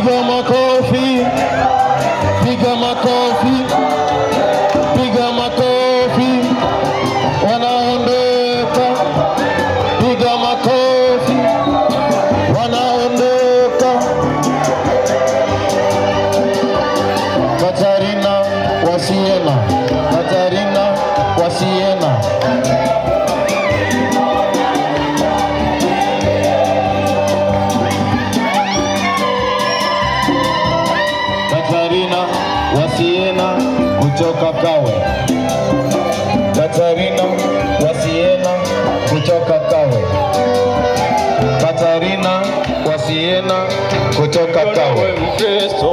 Piga makofi, piga makofi, piga makofi, wanaondoka. Piga makofi, wanaondoka. Katarina wa wa Siena kutoka Kawe, Katarina wa kutoka Kawe, Katarina wa kutoka Kawe.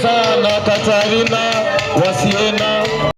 Teresa na Katarina Wasiena.